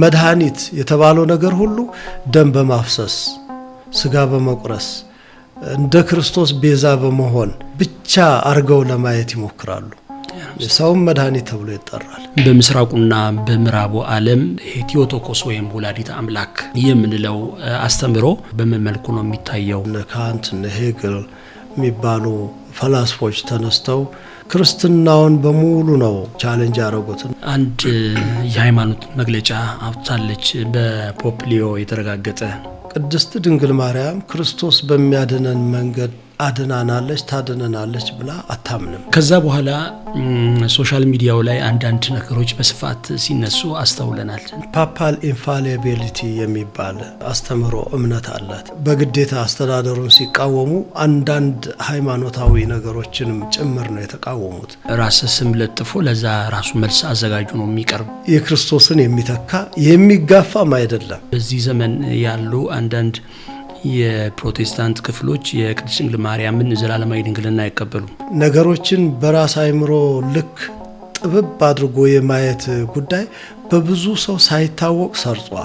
መድኃኒት የተባለው ነገር ሁሉ ደም በማፍሰስ ስጋ በመቁረስ እንደ ክርስቶስ ቤዛ በመሆን ብቻ አድርገው ለማየት ይሞክራሉ። የሰውም መድኃኒት ተብሎ ይጠራል። በምስራቁና በምዕራቡ ዓለም ቴዎቶኮስ ወይም ወላዲት አምላክ የምንለው አስተምህሮ በምን መልኩ ነው የሚታየው? እነ ካንት እነ ሄግል የሚባሉ ፈላስፎች ተነስተው ክርስትናውን በሙሉ ነው ቻለንጅ ያደረጉት። አንድ የሃይማኖት መግለጫ አውጥታለች፣ በፖፕ ሊዮ የተረጋገጠ ቅድስት ድንግል ማርያም ክርስቶስ በሚያድነን መንገድ አድናናለች ታድነናለች ብላ አታምንም። ከዛ በኋላ ሶሻል ሚዲያው ላይ አንዳንድ ነገሮች በስፋት ሲነሱ አስተውለናል። ፓፓል ኢንፋሊቢሊቲ የሚባል አስተምህሮ እምነት አላት። በግዴታ አስተዳደሩን ሲቃወሙ አንዳንድ ሃይማኖታዊ ነገሮችንም ጭምር ነው የተቃወሙት። ራስ ስም ለጥፎ ለዛ ራሱ መልስ አዘጋጁ ነው የሚቀርብ የክርስቶስን የሚተካ የሚጋፋም አይደለም። በዚህ ዘመን ያሉ አንዳንድ የፕሮቴስታንት ክፍሎች የቅድስት ድንግል ማርያምን ዘላለማዊ ድንግልና አይቀበሉም። ነገሮችን በራስ አይምሮ ልክ ጥብብ አድርጎ የማየት ጉዳይ በብዙ ሰው ሳይታወቅ ሰርጿል።